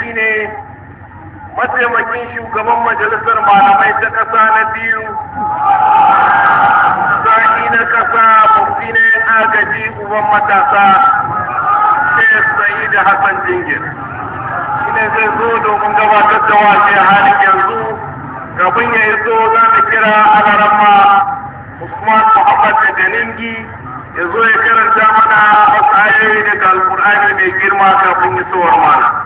shi ne mataimakin shugaban majalisar malamai ta ƙasa na biyu sani na ƙasa mafi ne agaji uban matasa shek sayi da hassan jingir shi zai zo domin gabatar da wasu a halin yanzu kafin ya yi zo za mu kira alarama usman muhammad da ganingi ya zo ya karanta mana wasu ayoyi daga alkur'ani mai girma kafin isowar mana.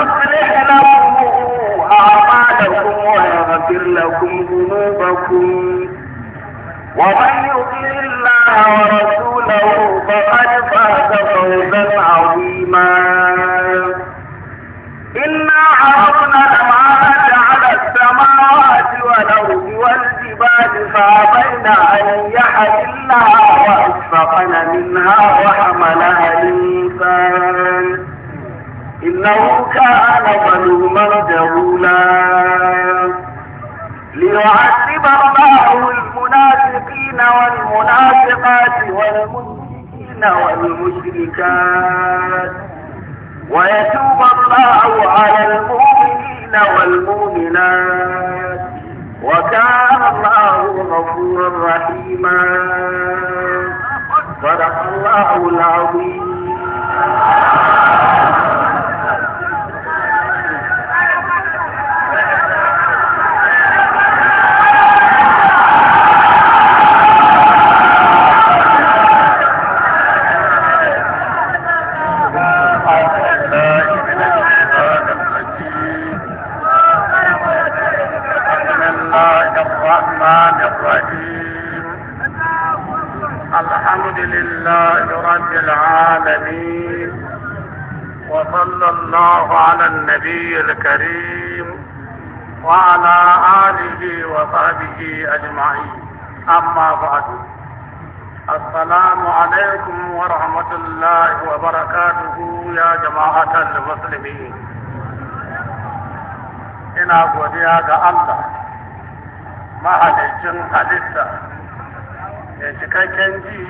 يصلح لكم أعمالكم ويغفر لكم ذنوبكم ومن يطع الله ورسوله فقد فاز فوزا عظيما إنا عرضنا الأمانة على السماوات والأرض والجبال فأبينا أن يحملنها وأشفقن منها وحملها الإنسان إنه كان ظلوما جهولا ليعذب الله المنافقين والمنافقات والمشركين والمشركات ويتوب الله على المؤمنين والمؤمنات وكان الله غفورا رحيما صدق الله العظيم الرحيم الحمد لله رب العالمين وصلى الله على النبي الكريم وعلى آله وصحبه أجمعين أما بعد السلام عليكم ورحمة الله وبركاته يا جماعة المسلمين انا أبو ga الله mahalicin halitta mai cikakken ji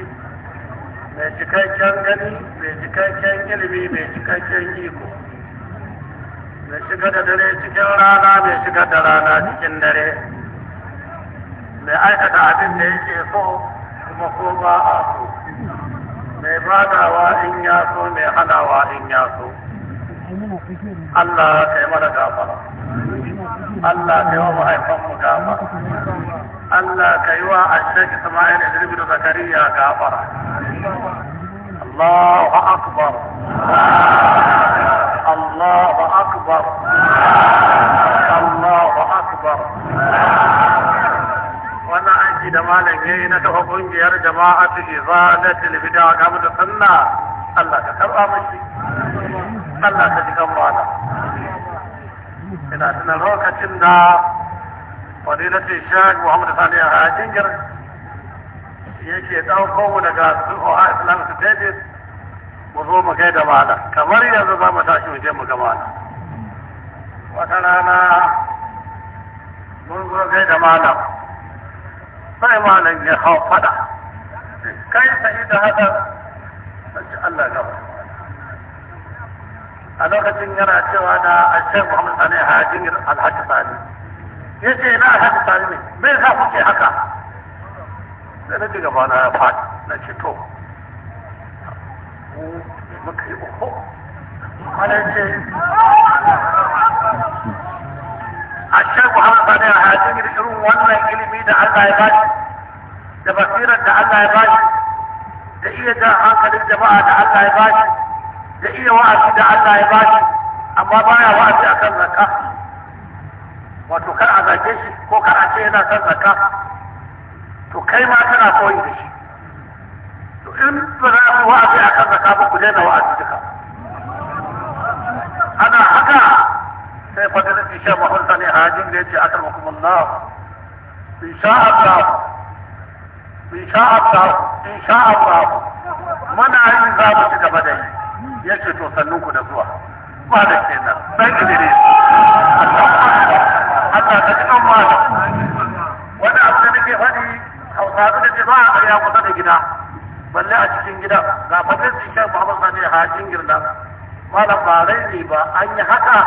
mai cikakken gani mai cikakken ilimi mai cikakken iko mai shiga da dare cikin rana mai shiga da rana cikin dare mai aikata abin da yake so kuma ko ba a so mai badawa in ya so mai hanawa in ya so Allah kai mara gafara Allah ka yi wa mahaifanmu gafa Allah ka yi wa Ashek Ismail Idris da Zakariya gafara Allahu akbar Allahu akbar Allahu akbar wannan aiki da malam yayi na kafa kungiyar jama'atu izalatul bid'a ga da sunna Allah ka karba mashi Allah ka ji kan malam da suna lokacin da fadilatin shag muhammad sani a hajjingir yake ɗauko mu daga islam su tebe mu zo mu da malam kamar yanzu za mu tashi mu je mu ga malam wata rana mun zo da malam sai malam ya hau fada kai sai da ci Allah gaba a lokacin yana cewa da ashe muhammad sani hajjin alhaji sani ya ce na alhaji sani ne bai sa kuke haka sai na ji ba na faɗi na ce to muka yi uku kwanan ce ashe muhammad sani hajjin irin wannan ilimi da allah ya bashi da basirar da allah ya bashi da iya jan hankalin jama'a da allah ya bashi da iya wa'azi da Allah ya bashi amma baya wa'azi a kan zakka wato kar a zage shi ko kar a ce yana kan zakka to kai ma kana koyi da shi to in ba za ku wa'azi a kan zakka ba ku daina wa'azi duka ana haka sai fadilin isha mahulta ne hajin da ya ce akar makumallah in sha Allah in sha Allah in sha Allah muna yin za mu ci gaba da yi ya ce to sannu ku da zuwa ba da kenan sai da dare Allah ta ji kan mala wani abu da nake faɗi hausa da ce ba a ya kusa da gida balle a cikin gida ga shi sikin Muhammad Sani hajin girna malam ba rai ne ba an yi haka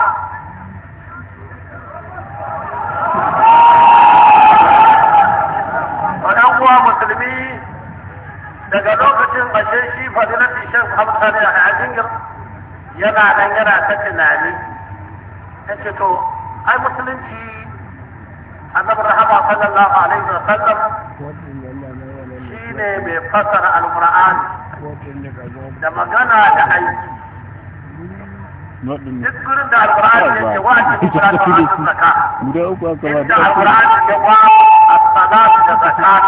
Musulmi daga lokacin ashe shi fadilar shan hamsa ne a yana nan yana ta tunani ta ce to ai musulunci annabi rahama sallallahu alaihi wa sallam shi ne mai fassara alquran da magana da aiki duk gurin da alquran yake wajibi kira da wajibi zakka da alquran yake wa a salatu da zakat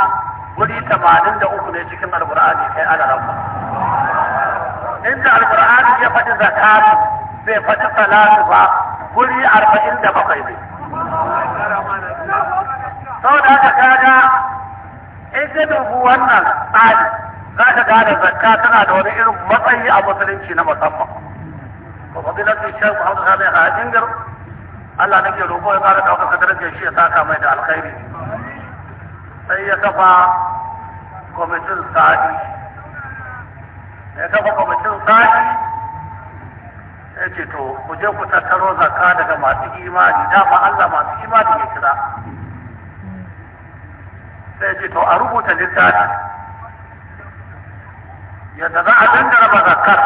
guri 83 ne cikin alqur'ani sai ana inda alqur'ani ya faɗi zakatu bai faɗi salatu ba guri arba'in da bakwai ne sau da aka kaga in ka dubu wannan tsari za ka gane zakka tana da wani irin matsayi a musulunci na musamman fadilatun shaikh muhammad salih a jingar Allah nake roƙo ya ƙara ɗaukar ka darajar shi ya saka mai da alkhairi sai ya kafa kwamitin sa'adi ya kafa mutum tsari ya ce to ku je ku tattaro zakka daga masu imani dama Allah masu imani ya kira sai ce to a rubuta littafi yadda za a dangara ba zakkar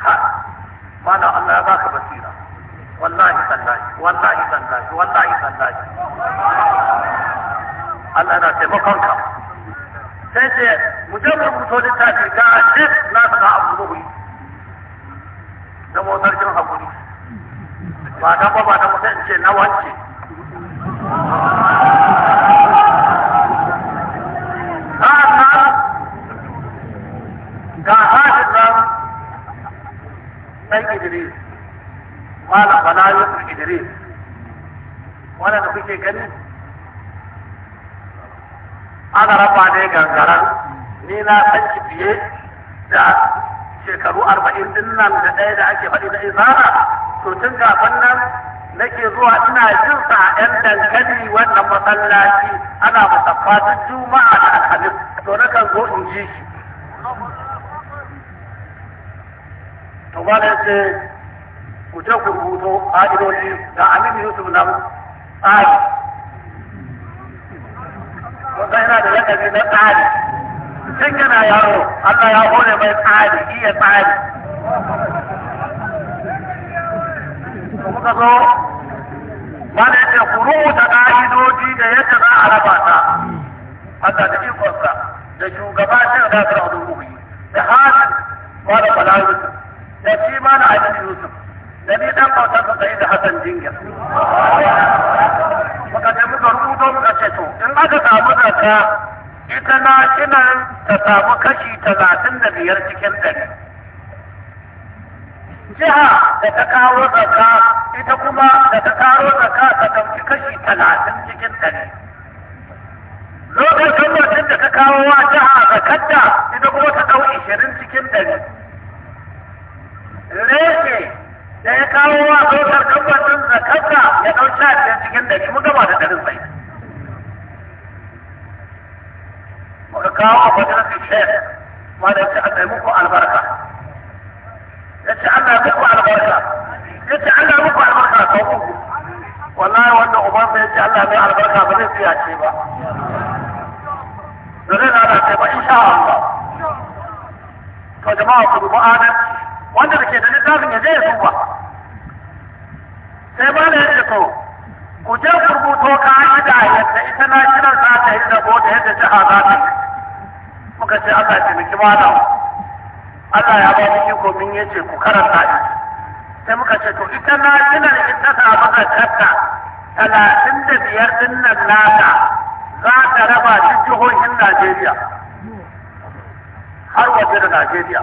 ka mana Allah ya baka basira wallahi sallahi wallahi sallahi wallahi sallahi Allah na taimakon ka sai ce mu je mu ta littafi ga shi na sana abu da zama sarkin hakuri ba dan ba ba dan mutum ce na wance malam idris da kuke gani ana raba ne gangaran ni na san shi fiye da shekaru arba'in din nan da ɗaya da ake faɗi na izara to tun kafin nan nake zuwa ina jin sa ɗan dankali wannan masallaci ana musaffa ta juma'a da alhamis to na kan zo in ji shi to ba da ce ku je ku rubuto ƙa'idodi da aminu yusuf nan tsari wanda yana da lakabi na tsari tun yana yaro Allah ya hore mai tsari iya tsari muka zo wani yake ku rubuta ƙa'idoji da yadda za a raba ta Allah da ikonsa da shugaba shi da zafin rubuwi da halin wani bala Yusuf da shi ma na ainihin Yusuf da ni dan bautar da sai da Hassan Jingir muka je muka rubuto muka ce to in aka samu zakka ita na kinan ta samu kashi talatin da biyar cikin ɗari jiha da ta kawo zaka ita kuma da ta kawo zaka ta ɗauki kashi talatin cikin ɗari lokacin mutum da ka kawo wa jiha zakarta ita kuma ta ɗau ishirin cikin ɗari reshe da ya kawo wa dokar kamfanin zakarta ya ɗau sha biyar cikin ɗari mu gama da ɗarin bai ku kawo a fadilatul shaykh wanda yace Allah ya muku albarka yace Allah ya muku albarka yace Allah ya muku albarka sau uku wallahi wanda uban sa yace Allah ya albarka ba zai tsaya ce ba da zai lalace ba insha Allah to jama'a ku dubi adam wanda da ke da littafin ya je ya duba sai ba da yace to ku je ku rubuto ka'ida yadda ita na shirar za ta yi da yadda jiha za ta yi suka ce Allah ya taimaki malam Allah ya ba mu iko min yace ku karanta shi sai muka ce to ita na kina da ita ta maka karta talatin da biyar din nan nata za ta raba shi jihohin Najeriya har waje da Najeriya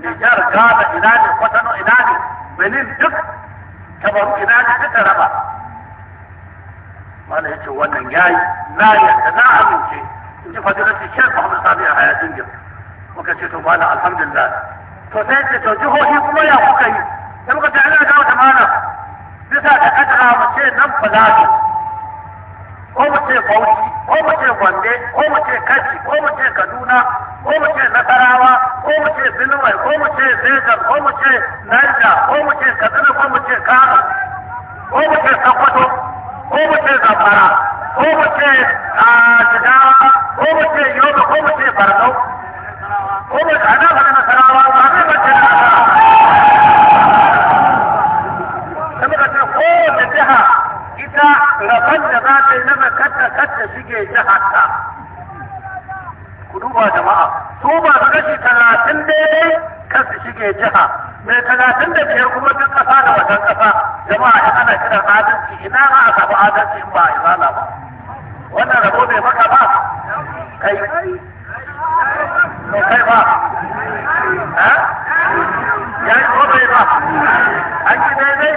Nijar, Ghana, ina ne, Kwatano, ina ne, Benin duk kabaru ina ne duka raba. Mana yace ce wannan yayi na yadda na amince. in ji fadilar shek Muhammad Sami a hayatun gir muka ce to bala alhamdulillah to sai ce kuma ya kuka yi sai muka ce ana dawo da mana bisa da kadara mu nan fulani mu ce Bauchi mu mu Kaduna mu Nasarawa ko mu ce Benue ko mu mu mu mu mu mu Zamfara ko mu ko mu ko nasarawa ba jiha ita rabon da za ta yi na ku duba jama'a su talatin daidai jiha mai talatin da biyar kuma kasa da wajen kasa jama'a a ana kiran adalci ina ma a samu adalci in ba a izala ba wannan rabo bai maka ba kai to kai ba ha ya yi ko bai ba an ji daidai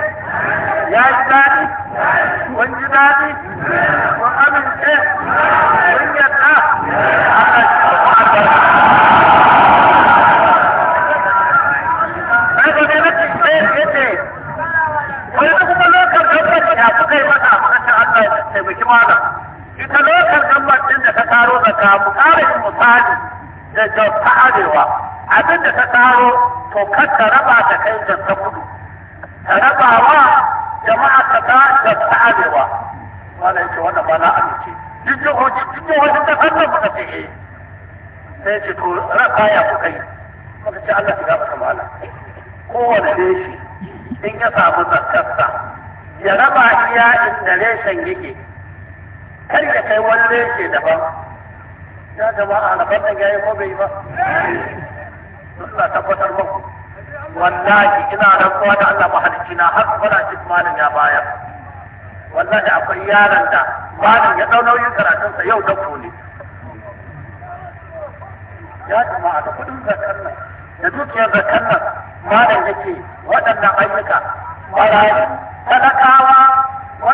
ya ji daɗi kun ji daɗi kun amince kun yarda ko ya ta yi Allah ya taimaki malam. Ita ka karo da kamu kare misali da jauta arewa abin da ka karo to kar ka raba da kai jauta kudu ka raba wa jama'a ka ta jauta arewa wannan ce wannan ba na amince duk jihohi duk jihohi ta kallon mu da ke eh. sai ce to raka ya ku kai. muka ce Allah ya gafarta mana kowane reshi in ya samu zakarsa ya raba iya inda reshen yake kar ya kai wani yake daban ya jama'a na faɗin yi ko bai ba Allah tabbatar muku wallahi ina rantsuwa da Allah mahalicci na har kuma na malin ya baya. wallahi akwai yaran da malin ya dau nauyin karatun sa yau da ne ya jama'a da kudin zakar nan da dukiyar zakar nan malam yake waɗannan ayyuka marayu talakawa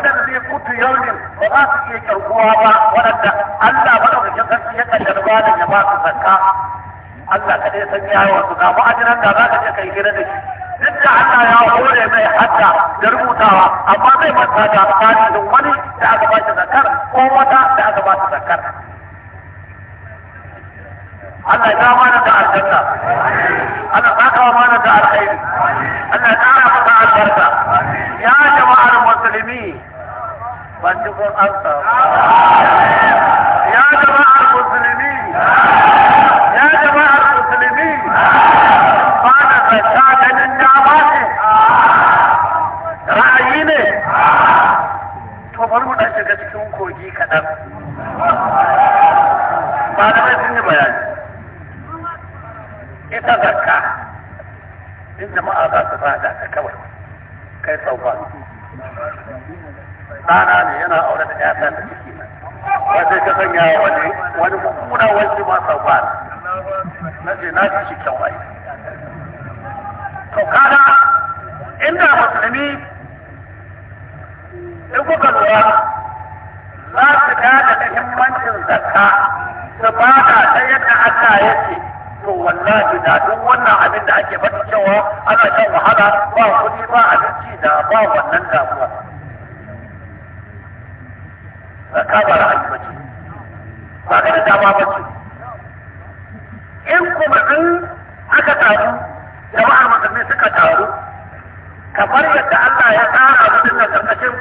waɗanda zai kutu ne ba za su iya karkuwa ba waɗanda Allah madaukakin sarki ya kaddara ba da ya ba su zakka Allah ka dai san yawa su ga ma'ajiran da za ka je kai gida da shi duk da Allah ya hore mai hadda da rubutawa amma zai manta da da wani da aka ba shi zakkar ko wata da aka ba shi zakkar Allah ya mana da aljanna Allah ba ka mana da alkhairi Allah ya kara masa albarka ya jama'ar musulmi ban ji kun amsa ya jama'ar musulmi ya jama'ar musulmi ba da zata ganin dama ne ra'ayi ne to bari mu dan shiga cikin kogi kaɗan ba da mai sun yi bayani ita zakka in jama'a za su ba da ta kawai kai sau ba ɗana ne yana aure da ƴata da ciki ba sai ka sanya wani wani mummuna wani ma sau ba na ce na ci kyau ai to kaga inda musulmi in kuka lura za su gane muhimmancin zakka su bada ta yadda Allah yake to wallahi da duk wannan abin da ake faɗi cewa ana shan wahala ba kuɗi ba abinci da ba wannan damuwa ka ba ba ka da dama ba ce in kuma in aka taru jama'ar musulmi suka taru kamar yadda Allah ya tsara mutum na karkashin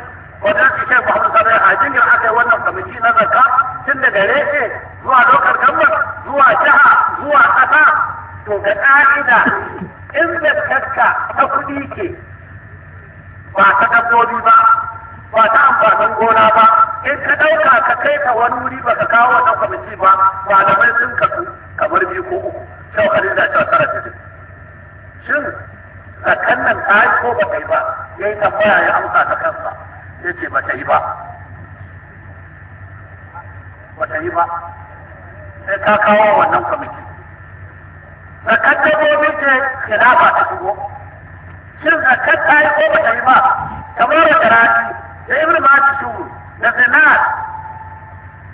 wajen su shekwa hannun sanar a jinin aka yi wannan kwamiti na zaka, tun daga reshe zuwa lokar gambar zuwa jiha zuwa ƙasa to ga ƙa'ida in zarkarka ta kuɗi ke ba ta dabbobi ba ba ta amfanin gona ba in ka ɗauka ka kai ka wani wuri ba ka kawo wannan kwamiti ba malamai sun kasu kamar biyu ko uku shawarin da ta tsara ta shin zakan nan ta yi ko ba ta yi ba ya yi tambaya ya amsa ta kansa ya ce ba ta yi ba ba ta yi ba sai ka kawo wannan kwamiti zakan dabbobi ce khilafa ta shigo shin zakan ta yi ko ba ta yi ba kamar da rani da ibn mati shuru da zinat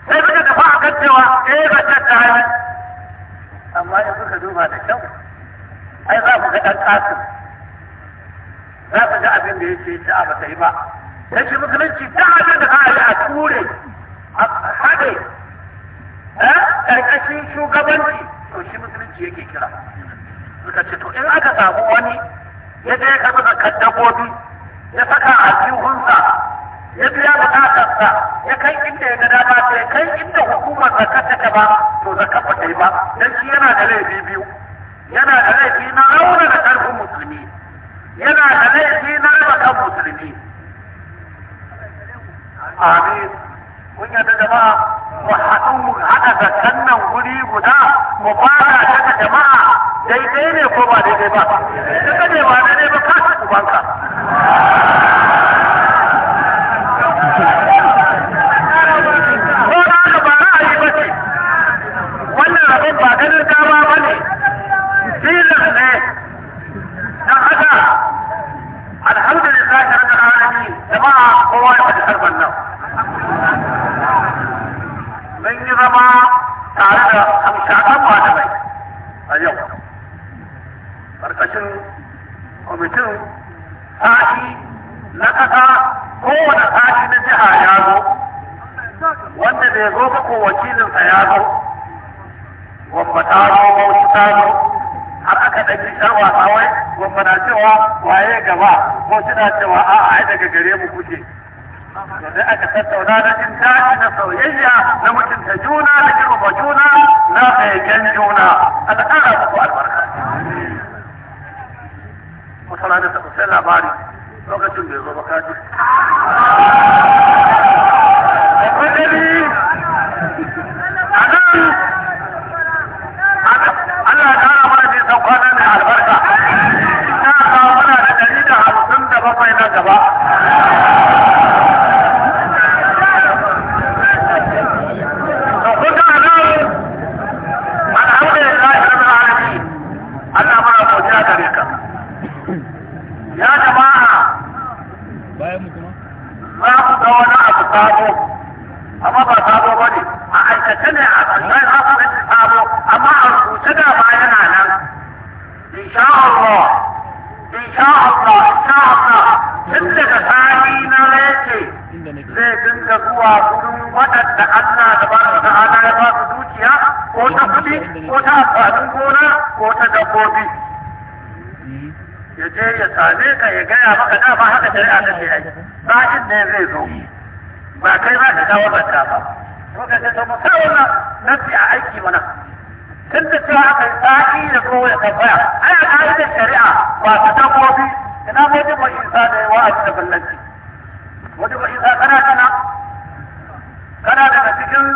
sai suka tafi a kan cewa eh ba ta tare amma in suka duba da kyau ai za ku ga ɗan ƙasin za ku ga abin da yake ta ba ta yi ba ta shi musulunci ta abin da ka yi a ture a haɗe eh, ƙarƙashin shugabanci to shi musulunci yake kira suka ce to in aka samu wani ya je ya karɓi zakar dabbobi ya saka a jihunsa ya biya bukatarsa ya kai inda ya gada ba ta ya kai inda hukumar zakar take ba to zakar ba ta yi ba dan shi yana da laifi biyu yana da laifi na auna da ƙarfin musulmi yana da laifi na raba kan musulmi amin kun yarda jama'a mu haɗu mu haɗa zakan nan guri guda mu fara daga jama'a daidai ne ko ba daidai ba duka ne ba daidai ba ka su banka a yau ƙarƙashin kwamitin haɗi na ƙasa kowane fadi na jiha ya zo wanda bai zo ba ko wakilinsa ya zo gwamba ta zo bauchi ta zo har aka ɗaki ƴar wasa wai gwamba na cewa waye gaba ko suna cewa a'a ai daga gare mu kuke da aka tattauna na jin daɗi da soyayya na mutunta juna da girmama juna na begen juna a da ƙara muku albarka. Masala da sai labari lokacin bai zo ba kaji. insha Allah insha Allah insha Allah tun daga sani na yake zai dinga zuwa gudun waɗanda Allah da ba su ta'ala ya ba su dukiya ko ta kuɗi ko ta amfanin gona ko ta dabbobi ya je ya same ka ya gaya maka da haka shari'a ta ce ai sa'in ne zai zo ba kai za ka dawo ba ta ba to ka ce to mu sa wannan nasi a aiki mana duk da cewa aka tsaki da kuma wani kafaya ana ka'idar shari'a ba ta dabbobi ina wajen mai isa da yawa a cikin ballanci wajen mai isa kana kana kana daga cikin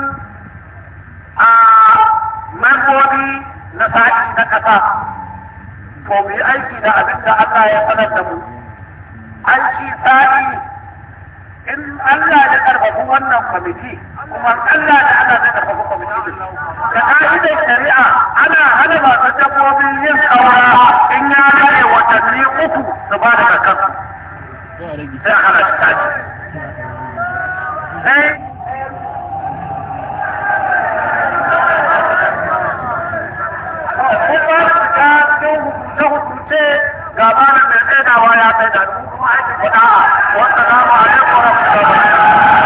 a membobi na sa'i na kasa to mu yi aiki da abin da Allah ya sanar da mu aiki sa'i in Allah ya karfafi wannan kwamiti kuma Allah da ana da kafa kuma mutum da ka'idar shari'a ana hana masu dabbobin yin aura in ya rage watanni uku su ba da kakansu sai a hana shi tashi gaba da mai tsaidawa ya tsaida kuma aikin kuɗa wa salamu alaikum wa rahmatullahi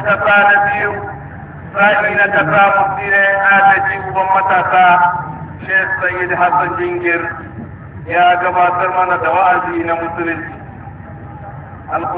da kasa na biyu sa'i na kasa mutum ne agaji matasa sai Sayyid Hassan Jingir ya gabatar mana da wa'azi na musulunci